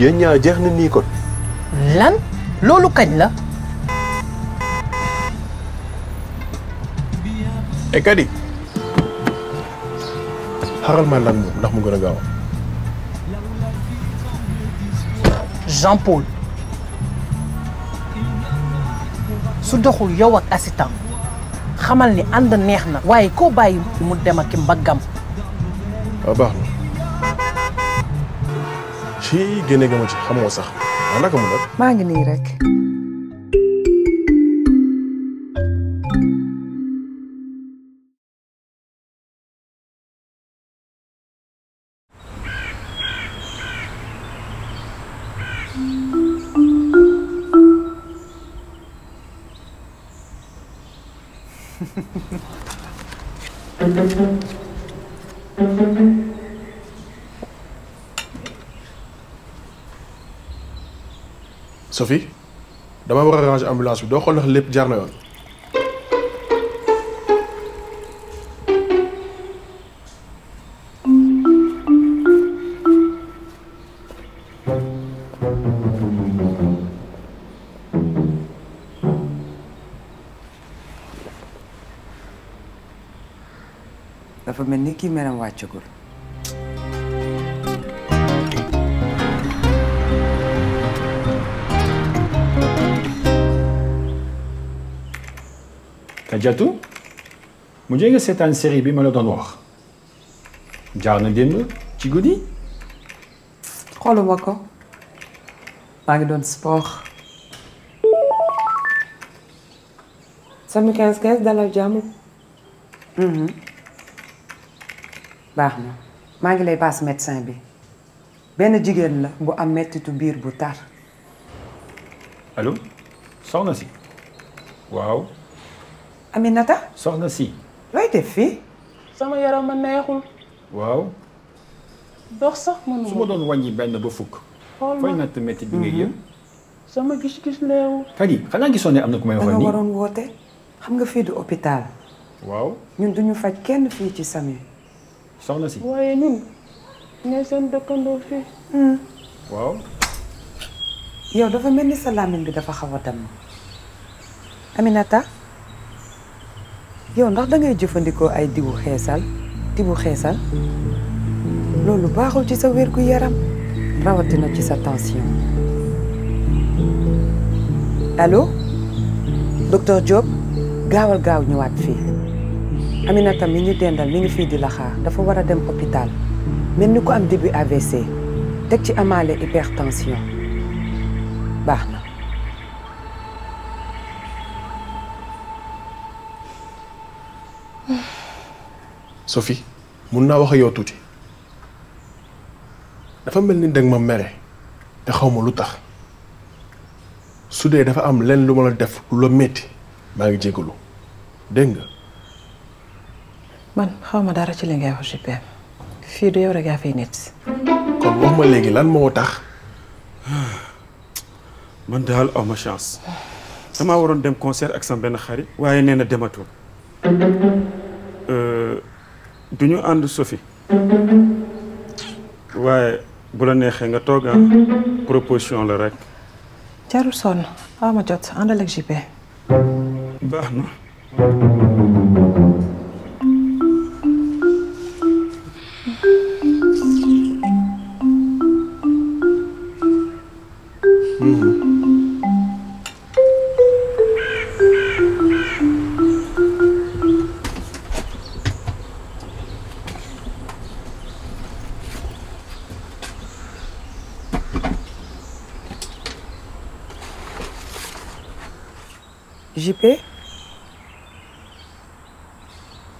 yéen ñaar jeex na nii kon. lan loolu kañ la. et eh, kadi xaral ma lan moom ndax mu gën a gaaw. Jean Paul su doxul yow ak assistant xamal ni ànd neex na. waaye koo bàyyi mu dem ak mbaggam. Ah, ci génne nga ma ci xamoo sax waaw mu nag. ngi nii Sophie dama war a ranger ambulance bi doo xool ndax lépp jaar na yoon. ni kii meram Kadiatou mu mujjee nga seetaan série bi ma la doon wax jaar na démb ci guddi. xooluma ko maa ngi doon sport. sami 15 15 dalal jàmm. Mhm. baax na maa ngi lay paas médecin bi benn jigéen la bu am mettitu biir bu tar. allo soxna waaw. Aminata. soxna si. looy def fii. sama yaram a neexul. waaw. dox sax mënuma. su ma doon wàññi benn ba fukk. xool ma fay bi ngay mhm. yëg. sama gis-gis leewu. Fadi xanaa gisoon ne am na ku may waxal nii da waroon woote. xam nga fii hôpital. waaw ñun duñu faj kenn fii ci sami. soxna si waaye ñun. ñooy seen dëkkandoo fii. Hmm. waaw. yow dafa mel ni sa làmmiñ bi dafa xaw a damm. Aminata. yow ndax da ngay jëfandikoo ay diwu xeesal diwu xeesal loolu baaxul ci sa wérgu yaram rawatina ci sa tension allo docteur Diop gaawal gaaw ñëwaat fii Aminata mi ñu dendal mi ngi fii di la dafa war a dem hôpital mel ni ko am début AVC teg ci amaale hypertension baax Sophie mun naa wax ak yow tuuti dafa mel ni danga ma mere te xaw ma lu tax su dee dafa am lenn lu ma la def lu la metti maa ngi jégalu dégg nga. man xaw ma dara ci li ngay wax GPM fii du léegi lan moo tax. man daal aw ma chance. damaa waroon dem concert ak sama benn xarit. waaye nee na dematul. Euh, du ñu ànd Sophie waaye bu la neexee nga toog ah. proposition la rek. jarul sonn aw ma jot àndal ak JP. baax na. JP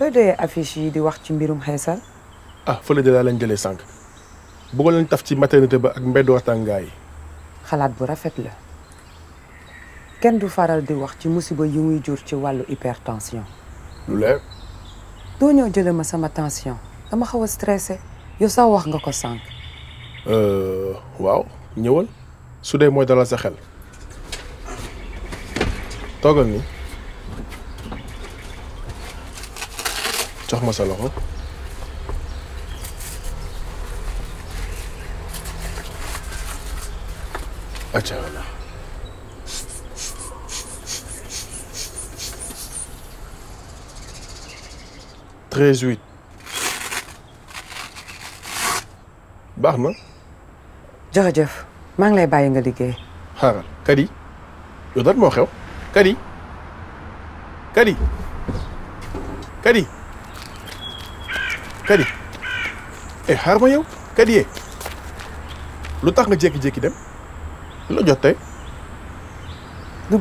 looy doyee affiche yi di wax ci mbirum xeesal ah fële de laa leen jëlee sànk bëggoon lañ taf ci maternité ba ak mbedd waxtaangaay yi xalaat bu rafet la kenn du faral di wax ci musiba yi muy jur ci wàllu hypertension lu leer doo ñëw jële ma sama tension dama xaw a stressé yow sa wax nga ko sànk euh, waaw ñëwal su dee mooy dalal sa xel toogal ni jox ma sa loxo acca wala treize huit baax na jërëjëf maa ngi lay bàyyi nga liggéey xaaral kat yi yow moo xew kadi kadi kadi kadi eh xaar ma yow kadi yee eh. lu tax nga jékki-jékki dem lu jot tey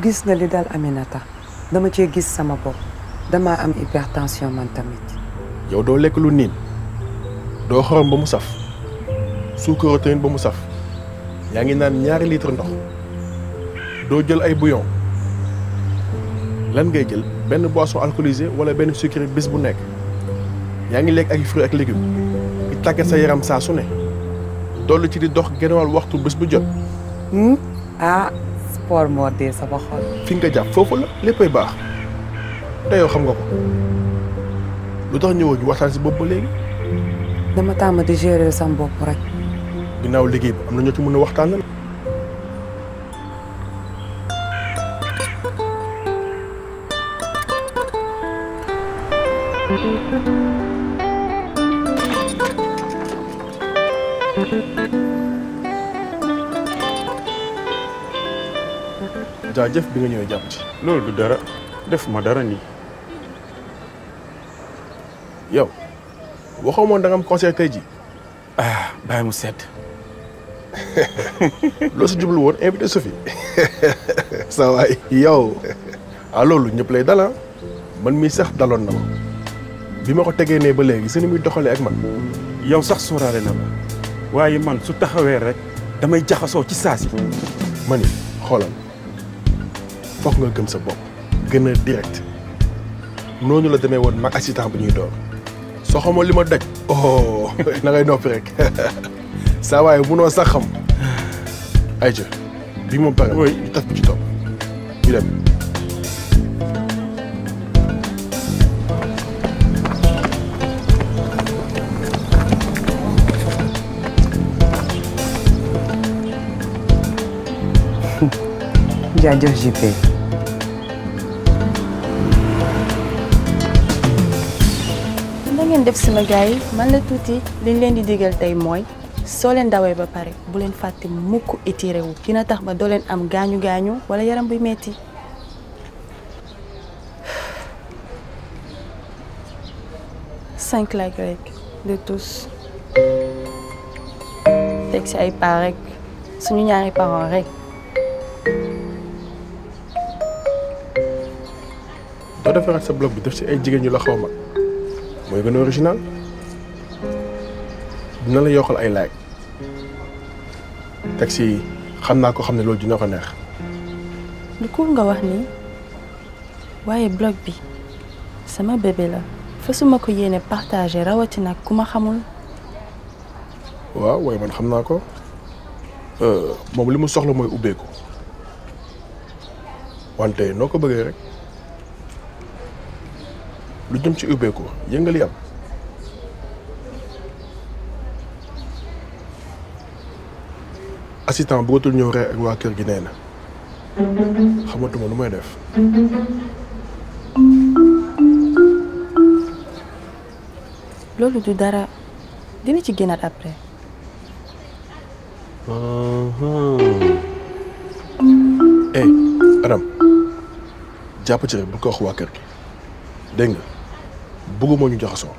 gis na li daal Aminata dama cee gis sama bopp damaa am hypertension man tamit yow doo lekk lu niin doo xorom ba mu saf suukaro tamit mu saf yaa ngi naan ñaari litre ndox doo jël ay bouillon lan ngay jël benn boisson alcoolisée wala benn sucré bés bu nekk yaa ngi lekk ak fruits ak légumes di tàggat sa yaram saa su ne dollu ci di dox genewal waxtu bés bu jot. Hmm? ah sport moo dee sama xol. fi nga jàpp foofu la léppay baax te yow xam nga ko lu tax ñëwoo ñu waxtaan si bopp ba léegi. dama tàmm di gérer sama bopp rek. ginnaaw liggéey am na ñoo ci mën a waxtaan jaajëf bi nga ñëwee jàpp loolu du dara def ma dara nii. yow waxoo moo da nga am ji ah bàyyi mu sedd. loo si jublu woon invité Sophie. sa waay yow. ah loolu ñëpp lay dala ah. man mii sax daloon na ma. bi ma ko tegee ne ba léegi seen muy doxalee ak man. yow sax sóoraale na ma. waaye man su taxawee rek damay jaxasoo ci saa si. ma ni xoolal foog nga gëm sa bopp gën a direct noonu la demee woon mag assistant bu ñuy door soo xamoo li ma daj. oh na ngay noppi rek saa waaye munoo sax xam. ayca bi mu pare. oui ñu taf bi ci dem. jaajëf JP. def sama gars yi man la tuuti liñ leen di digal tey mooy soo leen dawee ba pare bu leen fàtte mukk étiré wu dina tax ba doo leen am gaañu gaañu wala yaram buy metti cinq laaj rek de tous teg si ay par rek suñu ñaari parents rek. soo defaraat sa blog bi si ay jigéen ñu la xaw mag mooy gën a original dina la yokkal ay laaj teg si xam naa ko xam ne loolu dina ko neex. lu cool nga wax nii waaye blog bi sama bébé la fasuma ko yéene partagé rawatina ku ma xamul. waaw waaye man xam naa ko euh, moom li mu soxla mooy ubbeeku wante noo ko bëggee rek. lu jëm ci ubbeeku yëngal yi am assistant ñëw rek ak waa kër gi nee na xamatuma lu may def loolu du dara dina ci génnaat après eh Adam jàpp ci rek bu ko wax waa kër gi dégg bëgguma ñu jaxasoo